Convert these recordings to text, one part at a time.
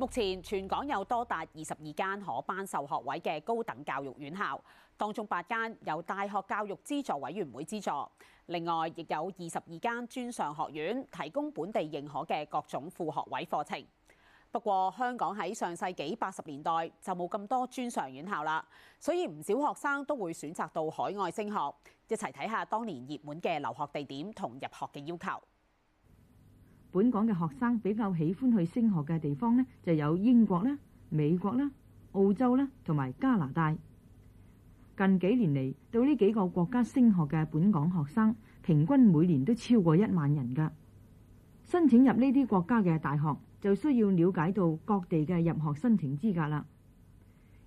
目前全港有多達二十二間可頒授學位嘅高等教育院校，當中八間由大學教育資助委員會資助，另外亦有二十二間專上學院提供本地認可嘅各種副學位課程。不過，香港喺上世紀八十年代就冇咁多專上院校啦，所以唔少學生都會選擇到海外升學。一齊睇下當年熱門嘅留學地點同入學嘅要求。本港嘅學生比較喜歡去升學嘅地方呢，就有英國啦、美國啦、澳洲啦同埋加拿大。近幾年嚟到呢幾個國家升學嘅本港學生，平均每年都超過一萬人㗎。申請入呢啲國家嘅大學，就需要了解到各地嘅入學申請資格啦。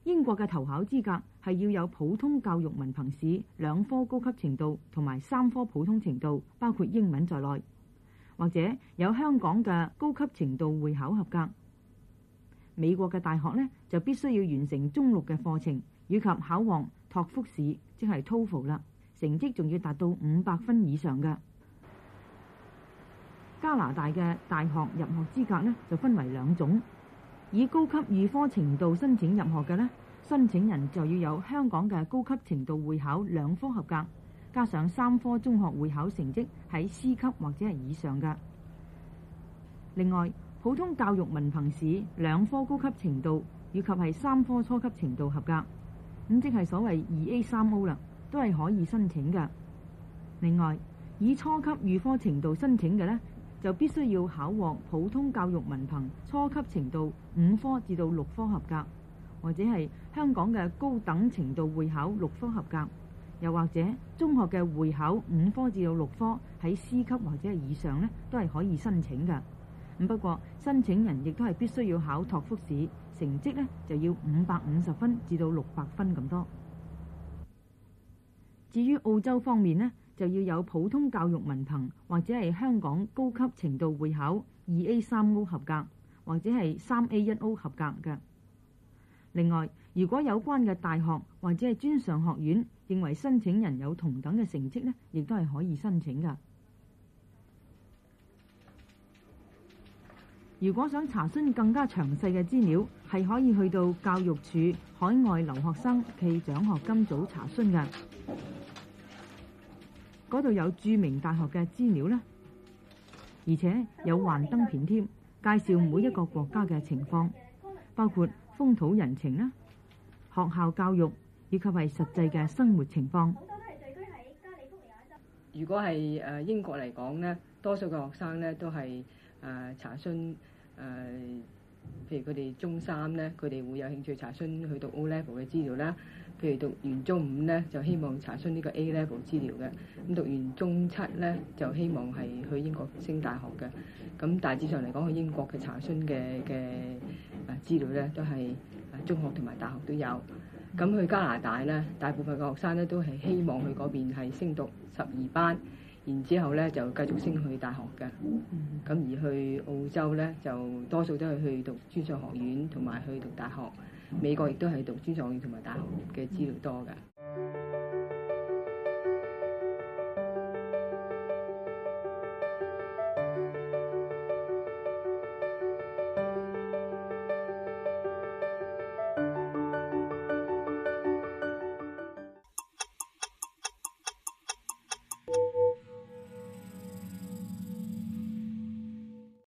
英國嘅投考資格係要有普通教育文憑試、兩科高級程度同埋三科普通程度，包括英文在內。或者有香港嘅高級程度會考合格，美國嘅大學呢，就必須要完成中六嘅課程，以及考王托福試，即係 TOEFL 啦，成績仲要達到五百分以上嘅。加拿大嘅大學入學資格呢，就分為兩種，以高級預科程度申請入學嘅呢，申請人就要有香港嘅高級程度會考兩科合格。加上三科中學會考成績喺 C 級或者係以上噶。另外，普通教育文憑試兩科高級程度，以及係三科初級程度合格，咁即係所謂二 A 三 O 啦，都係可以申請嘅。另外，以初級預科程度申請嘅咧，就必須要考獲普通教育文憑初級程度五科至到六科合格，或者係香港嘅高等程度會考六科合格。又或者中學嘅會考五科至到六科喺 C 級或者以上咧，都係可以申請㗎。不過申請人亦都係必須要考託福試，成績咧就要五百五十分至到六百分咁多。至於澳洲方面呢，就要有普通教育文憑或者係香港高級程度會考二 A 三 O 合格，或者係三 A 一 O 合格嘅。另外，如果有關嘅大學或者係專上學院，認為申請人有同等嘅成績呢，亦都係可以申請噶。如果想查詢更加詳細嘅資料，係可以去到教育署海外留學生暨獎學金組查詢噶。嗰度有著名大學嘅資料啦，而且有幻燈片添，介紹每一個國家嘅情況，包括風土人情啦、學校教育。以及係實際嘅生活情況。如果係誒英國嚟講咧，多數嘅學生咧都係誒查詢誒，譬如佢哋中三咧，佢哋會有興趣查詢去讀 O level 嘅資料啦。譬如讀完中五咧，就希望查詢呢個 A level 資料嘅。咁讀完中七咧，就希望係去英國升大學嘅。咁大致上嚟講，去英國嘅查詢嘅嘅誒資料咧，都係誒中學同埋大學都有。咁去加拿大咧，大部分嘅學生咧都係希望去嗰邊係升讀十二班，然之後咧就繼續升去大學嘅。咁而去澳洲咧，就多數都係去讀專上學院同埋去讀大學。美國亦都係讀專上學院同埋大學嘅資料多嘅。